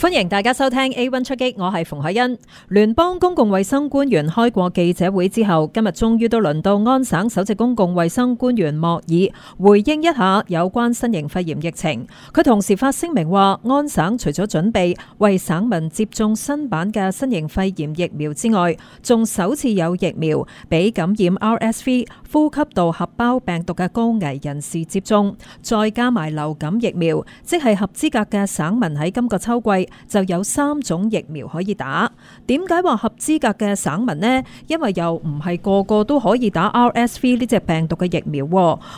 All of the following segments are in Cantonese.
歡迎大家收聽 A1 出擊，我係馮海恩。聯邦公共衛生官員開過記者會之後，今日終於都輪到安省首席公共衛生官員莫爾回應一下有關新型肺炎疫情。佢同時發聲明話，安省除咗準備為省民接種新版嘅新型肺炎疫苗之外，仲首次有疫苗俾感染 RSV 呼吸道合胞病毒嘅高危人士接種，再加埋流感疫苗，即係合資格嘅省民喺今個秋季，就有三種疫苗可以打。點解話合資格嘅省民呢？因為又唔係個個都可以打 RSV 呢隻病毒嘅疫苗。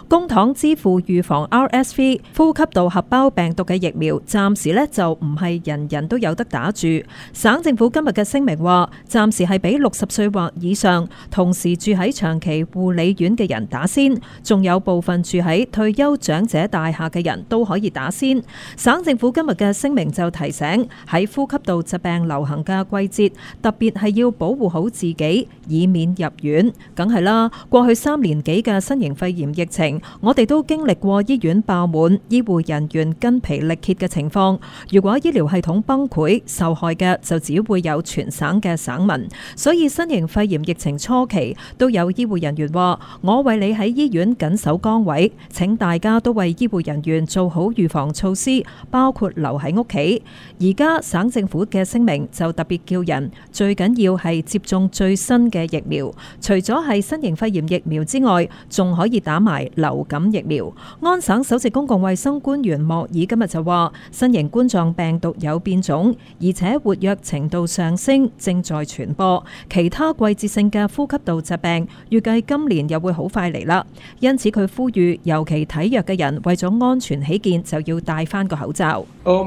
公帑支付預防 RSV 呼吸道合胞病毒嘅疫苗，暫時呢就唔係人人都有得打住。省政府今日嘅聲明話，暫時係俾六十歲或以上，同時住喺長期護理院嘅人打先。仲有部分住喺退休長者大廈嘅人都可以打先。省政府今日嘅聲明就提醒。喺呼吸道疾病流行嘅季節，特別係要保護好自己，以免入院。梗係啦，過去三年幾嘅新型肺炎疫情，我哋都經歷過醫院爆滿、醫護人員筋疲力竭嘅情況。如果醫療系統崩潰，受害嘅就只會有全省嘅省民。所以新型肺炎疫情初期，都有醫護人員話：我為你喺醫院緊守崗位，請大家都為醫護人員做好預防措施，包括留喺屋企。而家省政府嘅聲明就特別叫人最緊要係接種最新嘅疫苗，除咗係新型肺炎疫苗之外，仲可以打埋流感疫苗。安省首席公共衛生官員莫爾今日就話，新型冠狀病毒有變種，而且活躍程度上升，正在傳播。其他季節性嘅呼吸道疾病預計今年又會好快嚟啦。因此佢呼籲，尤其體弱嘅人，為咗安全起見，就要戴翻個口罩。Oh,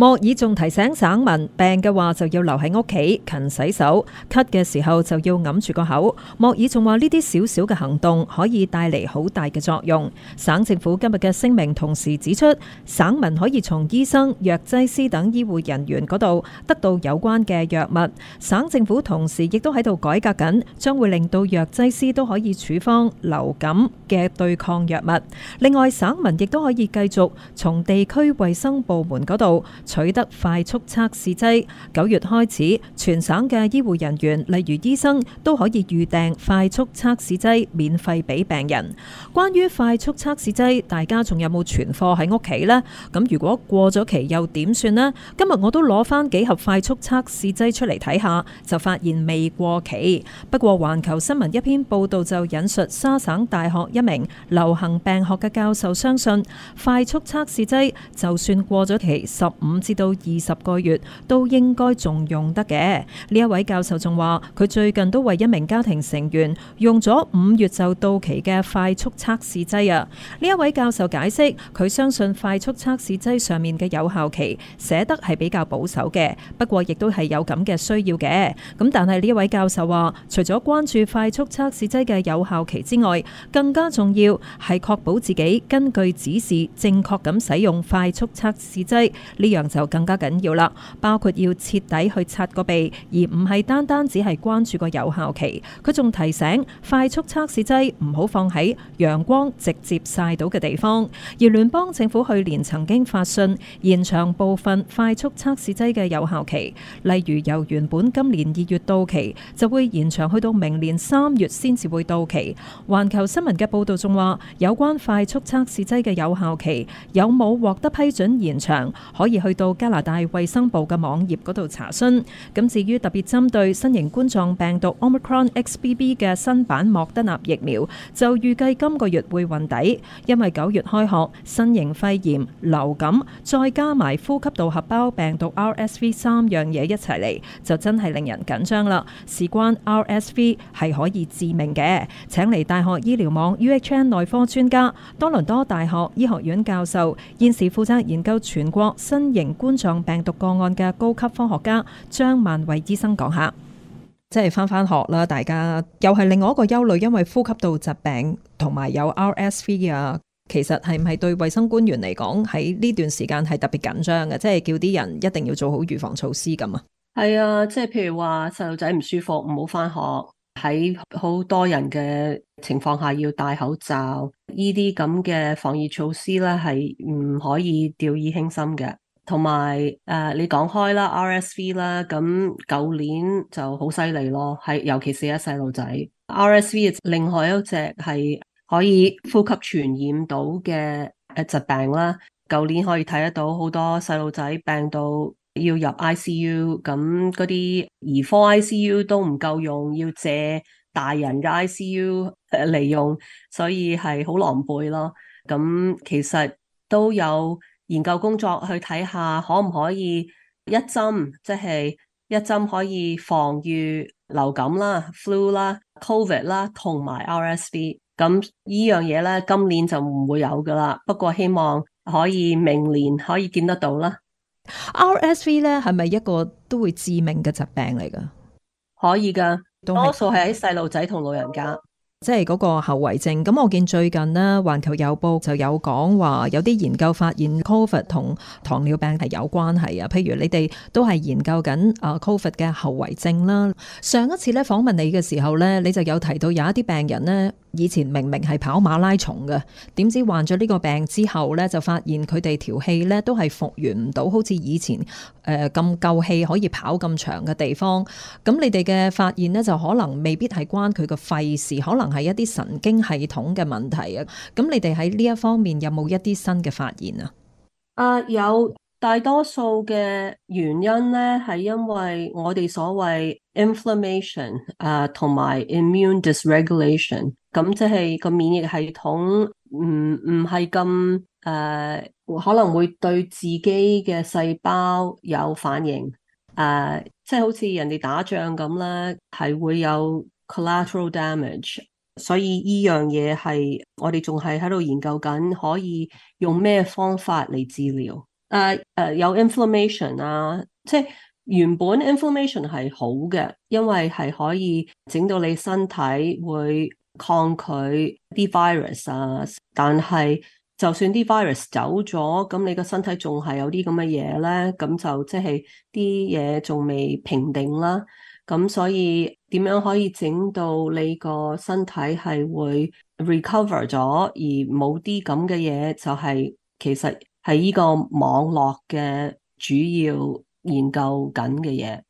莫爾仲提醒省民病嘅話就要留喺屋企，勤洗手；咳嘅時候就要揞住個口。莫爾仲話呢啲小小嘅行動可以帶嚟好大嘅作用。省政府今日嘅聲明同時指出，省民可以從醫生、藥劑師等醫護人員嗰度得到有關嘅藥物。省政府同時亦都喺度改革緊，將會令到藥劑師都可以處方流感嘅對抗藥物。另外，省民亦都可以繼續從地區衛生部門嗰度。取得快速測試劑，九月開始，全省嘅醫護人員，例如醫生，都可以預訂快速測試劑免費俾病人。關於快速測試劑，大家仲有冇存貨喺屋企呢？咁如果過咗期又點算呢？今日我都攞翻幾盒快速測試劑出嚟睇下，就發現未過期。不過，環球新聞一篇報導就引述沙省大學一名流行病學嘅教授，相信快速測試劑就算過咗期十五，甚至到二十個月都應該仲用得嘅。呢一位教授仲話，佢最近都為一名家庭成員用咗五月就到期嘅快速測試劑啊。呢一位教授解釋，佢相信快速測試劑上面嘅有效期寫得係比較保守嘅，不過亦都係有咁嘅需要嘅。咁但係呢一位教授話，除咗關注快速測試劑嘅有效期之外，更加重要係確保自己根據指示正確咁使用快速測試劑呢樣就更加緊要啦，包括要徹底去擦個鼻，而唔係單單只係關注個有效期。佢仲提醒快速測試劑唔好放喺陽光直接曬到嘅地方。而聯邦政府去年曾經發信延長部分快速測試劑嘅有效期，例如由原本今年二月到期，就會延長去到明年三月先至會到期。環球新聞嘅報道仲話，有關快速測試劑嘅有效期有冇獲得批准延長，可以去。去到加拿大衛生部嘅網頁嗰度查詢。咁至於特別針對新型冠狀病毒 Omicron XBB 嘅新版莫德納疫苗，就預計今個月會運抵。因為九月開學，新型肺炎、流感再加埋呼吸道合胞病毒 RSV 三樣嘢一齊嚟，就真係令人緊張啦。事關 RSV 係可以致命嘅，請嚟大學醫療網 UHN 內科專家，多倫多大學醫學院教授，現時負責研究全國新。型冠狀病毒個案嘅高級科學家張萬慧醫生講下，即係翻翻學啦，大家又係另外一個憂慮，因為呼吸道疾病同埋有 RSV 啊，其實係唔係對衛生官員嚟講，喺呢段時間係特別緊張嘅，即係叫啲人一定要做好預防措施咁啊？係啊，即係譬如話細路仔唔舒服唔好翻學，喺好多人嘅情況下要戴口罩，呢啲咁嘅防疫措施咧，係唔可以掉以輕心嘅。同埋誒，你講開啦，RSV 啦，咁舊年就好犀利咯，尤其是一細路仔。RSV 另外一隻係可以呼吸傳染到嘅誒疾病啦。舊年可以睇得到好多細路仔病到要入 ICU，咁嗰啲兒科 ICU 都唔夠用，要借大人嘅 ICU 嚟、啊、用，所以係好狼狽咯。咁其實都有，研究工作去睇下，可唔可以一針即係、就是、一針可以防禦流感啦、flu 啦、covid 啦同埋 RSV。咁呢樣嘢咧，今年就唔會有㗎啦。不過希望可以明年可以見得到啦。RSV 咧係咪一個都會致命嘅疾病嚟㗎？可以㗎，是多數係喺細路仔同老人家。即係嗰個後遺症，咁我見最近呢環球郵報就有講話，有啲研究發現，Covid 同糖尿病係有關係啊。譬如你哋都係研究緊啊 Covid 嘅後遺症啦。上一次咧訪問你嘅時候咧，你就有提到有一啲病人咧。以前明明係跑馬拉松嘅，點知患咗呢個病之後咧，就發現佢哋條氣咧都係復原唔到，好似以前誒咁、呃、夠氣可以跑咁長嘅地方。咁你哋嘅發現咧，就可能未必係關佢個肺事，可能係一啲神經系統嘅問題啊。咁你哋喺呢一方面有冇一啲新嘅發現啊？啊，uh, 有大多數嘅原因咧，係因為我哋所謂 inflammation 啊、uh，同埋 immune dysregulation。咁即係個免疫系統唔唔係咁誒，可能會對自己嘅細胞有反應，誒、呃，即、就、係、是、好似人哋打仗咁啦，係會有 collateral damage，所以呢樣嘢係我哋仲係喺度研究緊，可以用咩方法嚟治療？誒、呃、誒、呃，有 inflammation 啊，即、就、係、是、原本 inflammation 係好嘅，因為係可以整到你身體會。抗拒啲 virus 啊，但係就算啲 virus 走咗，咁你個身體仲係有啲咁嘅嘢咧，咁就即係啲嘢仲未平定啦。咁所以點樣可以整到你個身體係會 recover 咗，而冇啲咁嘅嘢？就係其實係依個網絡嘅主要研究緊嘅嘢，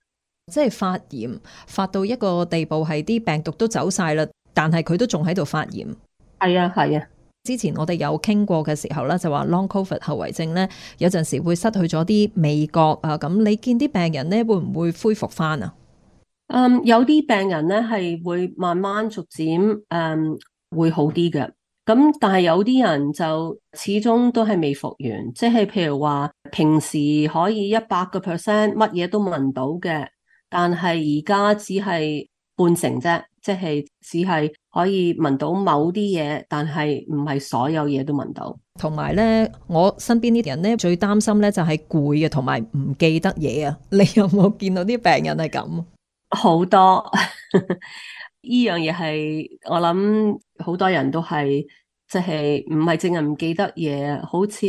即係發炎發到一個地步，係啲病毒都走晒啦。但係佢都仲喺度發炎，係啊係啊。的之前我哋有傾過嘅時候咧，就話 Long COVID 後遺症咧，有陣時會失去咗啲味覺啊。咁你見啲病人咧，會唔會恢復翻？啊，嗯，um, 有啲病人咧係會慢慢逐漸誒、um, 會好啲嘅。咁但係有啲人就始終都係未復原，即係譬如話平時可以一百個 percent 乜嘢都聞到嘅，但係而家只係半成啫。即係只係可以聞到某啲嘢，但係唔係所有嘢都聞到。同埋咧，我身邊啲人咧最擔心咧就係攰啊，同埋唔記得嘢啊！你有冇見到啲病人係咁？好多呢 樣嘢係，我諗好多人都係，即係唔係淨係唔記得嘢，好似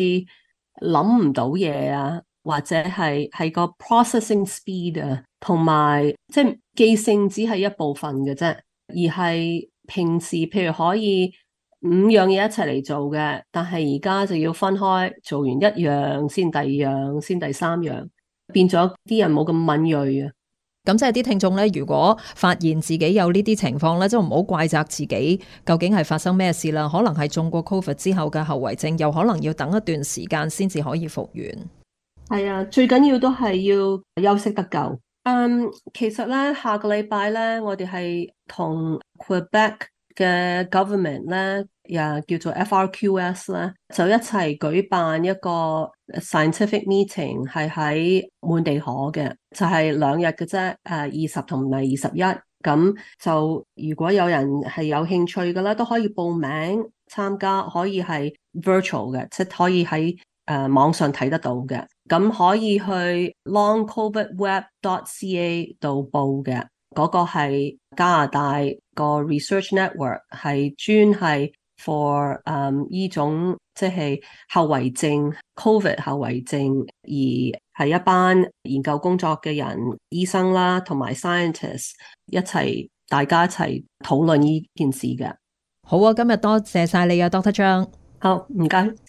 諗唔到嘢啊！或者係係個 processing speed 啊，同埋即係記性只係一部分嘅啫，而係平時，譬如可以五樣嘢一齊嚟做嘅，但係而家就要分開，做完一樣先第二樣，先第三樣，變咗啲人冇咁敏鋭啊。咁即係啲聽眾咧，如果發現自己有呢啲情況咧，都唔好怪責自己，究竟係發生咩事啦？可能係中過 covid 之後嘅後遺症，又可能要等一段時間先至可以復原。係啊，最緊要都係要休息得夠。嗯、um,，其實咧，下個禮拜咧，我哋係同 Quebec 嘅 government 咧，又叫做 FRQS 咧，就一齊舉辦一個 scientific meeting，係喺滿地可嘅，就係、是、兩日嘅啫。誒，二十同埋二十一。咁就如果有人係有興趣嘅咧，都可以報名參加，可以係 virtual 嘅，即、就、係、是、可以喺誒、呃、網上睇得到嘅。咁可以去 long covid web.ca 度報嘅，嗰個係加拿大個 research network，係專係 for 誒、um, 呢種即係後遺症 covid 後遺症，而係一班研究工作嘅人、醫生啦，同埋 scientists 一齊大家一齊討論呢件事嘅。好啊，今日多謝晒你啊，Doctor 張，好，好唔該。謝謝。